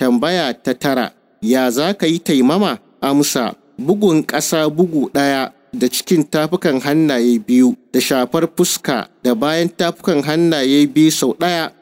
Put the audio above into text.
Tambaya ta tara, ya za ka yi taimama? Amsa, bugun ƙasa bugu ɗaya da cikin tafukan hannaye biyu da shafar fuska da bayan tafukan hannaye biyu sau ɗaya